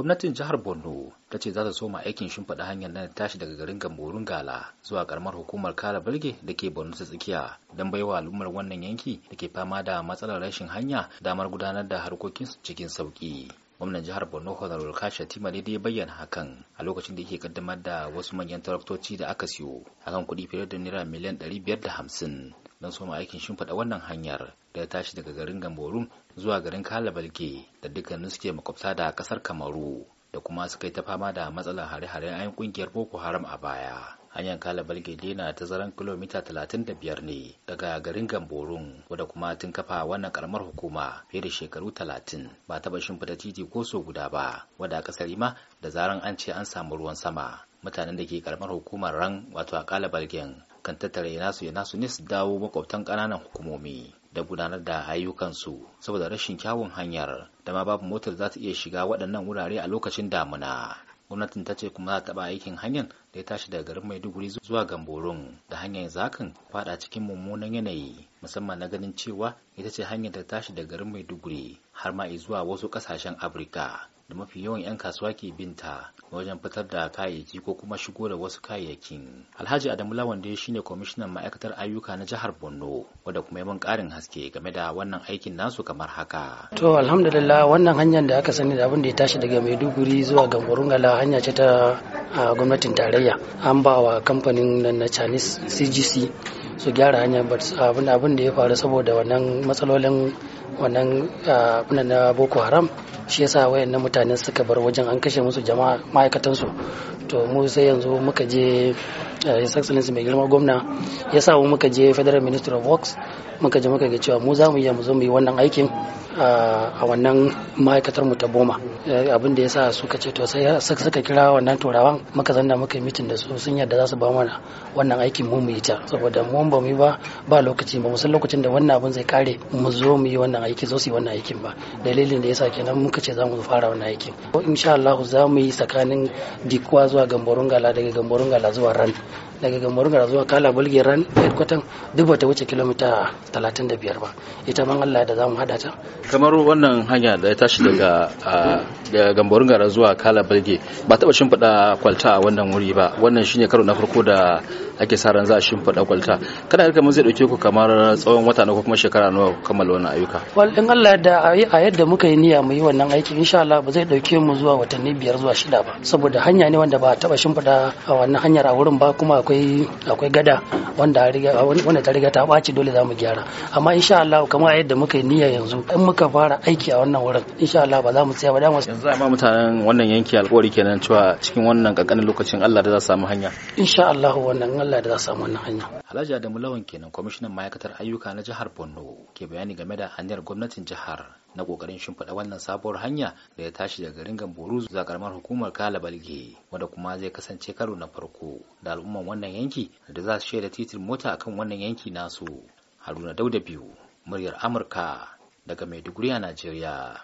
gwamnatin jihar borno ta ce za ta soma aikin shimfiɗa hanyar nan tashi daga garin gamborun gala zuwa karamar hukumar kala Bilge da ke borno ta tsakiya don baiwa al'ummar wannan yanki da ke fama da matsalar rashin hanya damar gudanar da harkokinsu cikin sauƙi. gwamnan jihar borno honorable kasha timale da ya bayyana hakan a lokacin da yake kaddamar da wasu manyan taraktoci da aka siyo akan kuɗi fiye da naira miliyan ɗari biyar da hamsin. don soma aikin shimfiɗa wannan hanyar da ya tashi daga garin gamborun zuwa garin kalabalge da dukkanin suke makwabta da ƙasar kamaru da kuma suka yi ta fama da matsalar hare-haren 'yan ƙungiyar boko haram a baya hanyar kalabalge dai na tazaran kilomita talatin da biyar ne daga garin gamborun wadda kuma tun kafa wannan karamar hukuma fiye da shekaru talatin ba taɓa shimfida titi ko so guda ba wadda ƙasar ma da zaran an ce an samu ruwan sama mutanen da ke karamar hukumar ran wato a kalabalgen kan tattare nasu ya nasu ne su dawo makwabtan ƙananan hukumomi da gudanar da ayyukansu saboda rashin kyawun hanyar da ma babu motar za ta iya shiga waɗannan wurare a lokacin damuna gwamnatin ta ce kuma za ta taɓa aikin hanyar da ya tashi daga garin Maiduguri zuwa Gamborun da hanyar zakan fada cikin mummunan yanayi musamman na ganin cewa ita ce hanyar da tashi daga garin Maiduguri har ma zuwa wasu kasashen Afirka da mafi yawan 'yan kasuwa ke binta wajen fitar da kayayyaki ko kuma shigo da wasu kayayyakin. Alhaji Adamu Lawan shi ne kwamishinan ma'aikatar ayyuka na jihar Borno wanda kuma yaman karin haske game da wannan aikin nasu kamar haka. To alhamdulillah wannan hanyar da aka sani da abin da ya tashi daga Maiduguri zuwa gala hanya ce ta a gwamnatin tarayya an ba wa kamfanin nan na chinese cgc su gyara hanya abin da ya faru saboda wannan matsalolin wannan ah, abin na boko haram shi yasa wayannan mutane suka bar wajen an kashe musu jama'a ma'aikatansu to mu sai yanzu muka je ah, his excellency mai girma gwamna ya sa muka je federal minister of works muka je muka ga cewa mu za mu iya mu zo mu yi wannan aikin ah, a wannan ma'aikatar mu ta boma eh, abin da ya sa suka ce to sai suka kira wannan turawan muka zanna muka yi mitin da su sun yadda za su ba mana wannan aikin mu mu yi ta saboda mu ba mu yi ba ba lokaci ba mu san lokacin da wannan abin zai kare mu zo mu yi wannan wannan aikin zo su yi wannan aikin ba dalilin da kenan muka ce za mu fara wannan aikin ko insha Allah za mu yi tsakanin dikwa zuwa gamborun gala daga gamborun gala zuwa ran daga gamborun gala zuwa kala bulge ran headquarter duk bata wuce kilomita 35 ba ita man Allah da za mu hada ta kamar wannan hanya da ya tashi daga gamborun gala zuwa kala bulge ba taba shimfiɗa kwalta a wannan wuri ba wannan shine karo na farko da ake sa ran za a shimfiɗa kwalta kana ga kamar zai dauke ku kamar tsawon wata na ko kuma shekara nawa kammala wannan ayyuka wal in Allah da a yadda muka yi niyya mu yi wannan aiki insha Allah ba zai dauke mu zuwa watanni biyar zuwa shida ba saboda hanya ne wanda ba a taba shimfiɗa a wannan hanyar a wurin ba kuma akwai akwai gada wanda wanda ta riga ta ɓaci dole za mu gyara amma insha Allah kamar yadda muka yi niyya yanzu in muka fara aiki a wannan wurin insha Allah ba za mu tsaya ba dama yanzu amma mutanen wannan yanki alƙawari kenan cewa cikin wannan kankanin lokacin Allah da za su samu hanya insha Allah wannan Allah da za samu wannan hanya. Alhaji Adamu Lawan kenan kwamishinan ma'aikatar ayyuka na jihar Borno ke bayani game da hanyar gwamnatin jihar na kokarin shimfiɗa wannan sabuwar hanya da ya tashi daga garin Gamboru zuwa karamar hukumar Kala Balge wanda kuma zai kasance karo na farko da al'umman wannan yanki da za su shaida titin mota akan wannan yanki nasu. Haruna Dauda biyu muryar Amurka daga Maiduguri a Najeriya.